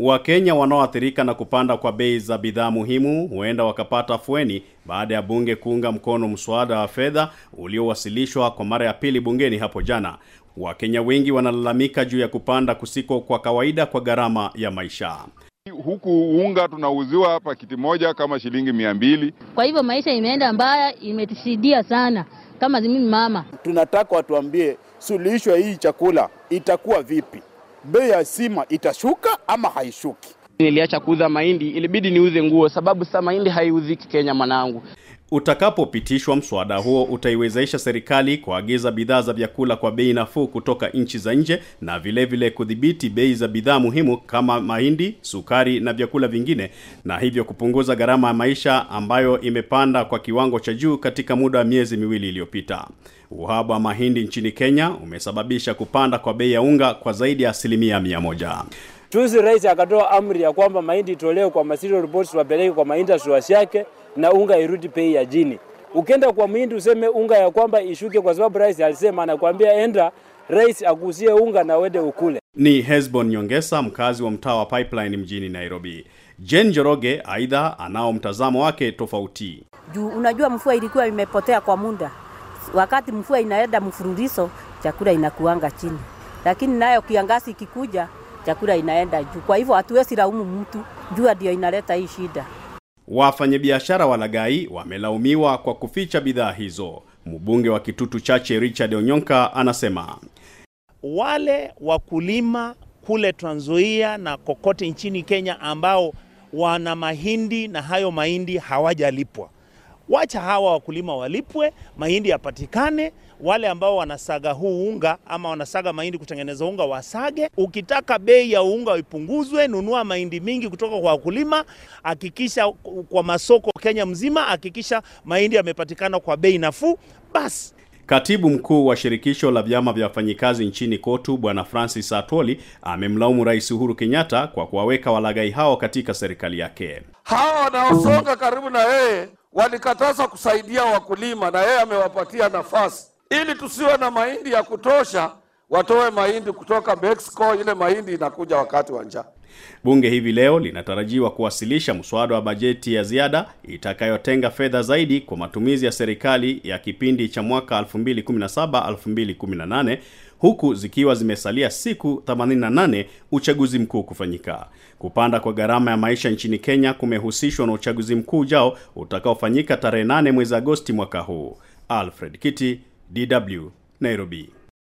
Wakenya wanaoathirika na kupanda kwa bei za bidhaa muhimu huenda wakapata fueni baada ya bunge kuunga mkono mswada wa fedha uliowasilishwa kwa mara ya pili bungeni hapo jana. Wakenya wengi wanalalamika juu ya kupanda kusiko kwa kawaida kwa gharama ya maisha. Huku unga tunauziwa hapa kiti moja kama shilingi mia mbili. Kwa hivyo maisha imeenda mbaya, imetishidia sana kama mimi mama. Tunataka watuambie suluhisho hii chakula itakuwa vipi? bei ya sima itashuka ama haishuki. Niliacha kuuza mahindi, ilibidi niuze nguo, sababu sasa mahindi haiuziki Kenya mwanangu. Utakapopitishwa mswada huo utaiwezesha serikali kuagiza bidhaa za vyakula kwa bei nafuu kutoka nchi za nje na vilevile kudhibiti bei za bidhaa muhimu kama mahindi, sukari na vyakula vingine, na hivyo kupunguza gharama ya maisha ambayo imepanda kwa kiwango cha juu katika muda wa miezi miwili iliyopita. Uhaba wa mahindi nchini Kenya umesababisha kupanda kwa bei ya unga kwa zaidi ya asilimia 1 moja. Tuzi rais akatoa amri ya kwamba mahindi itolewe kwa material reports wapeleke kwa maindustry yake na unga irudi bei ya jini Ukienda kwa mhindi useme unga ya kwamba ishuke, kwa sababu rais alisema, anakuambia enda rais akuzie unga na wende ukule. Ni Hesbon Nyongesa, mkazi wa mtaa wa Pipeline mjini Nairobi. Jen Joroge aidha anao mtazamo wake tofauti. Juu unajua mfua ilikuwa imepotea kwa muda, wakati mfua inaenda mfululizo chakula inakuanga chini, lakini nayo kiangazi ikikuja chakula inaenda juu. Kwa hivyo hatuwezi laumu mtu, jua ndio inaleta hii shida. Wafanyabiashara walagai wamelaumiwa kwa kuficha bidhaa hizo. Mbunge wa Kitutu Chache Richard Onyonka anasema wale wakulima kule Trans Nzoia na kokote nchini Kenya ambao wana mahindi na hayo mahindi hawajalipwa Wacha hawa wakulima walipwe, mahindi yapatikane. Wale ambao wanasaga huu unga ama wanasaga mahindi kutengeneza unga wasage. Ukitaka bei ya unga ipunguzwe, nunua mahindi mingi kutoka kwa wakulima. Hakikisha kwa masoko Kenya mzima, hakikisha mahindi yamepatikana kwa bei nafuu. Basi. Katibu mkuu wa shirikisho la vyama vya wafanyikazi nchini KOTU Bwana Francis Atwoli amemlaumu Rais Uhuru Kenyatta kwa kuwaweka walaghai hao katika serikali yake. Hawa wanaosonga karibu na yeye walikataza kusaidia wakulima, na yeye amewapatia nafasi ili tusiwe na mahindi ya kutosha watoe mahindi kutoka Mexico, ile mahindi inakuja wakati wa njaa. Bunge hivi leo linatarajiwa kuwasilisha mswada wa bajeti ya ziada itakayotenga fedha zaidi kwa matumizi ya serikali ya kipindi cha mwaka 2017-2018 huku zikiwa zimesalia siku 88 uchaguzi mkuu kufanyika. Kupanda kwa gharama ya maisha nchini Kenya kumehusishwa na uchaguzi mkuu ujao utakaofanyika tarehe 8 mwezi Agosti mwaka huu. Alfred Kiti, DW, Nairobi.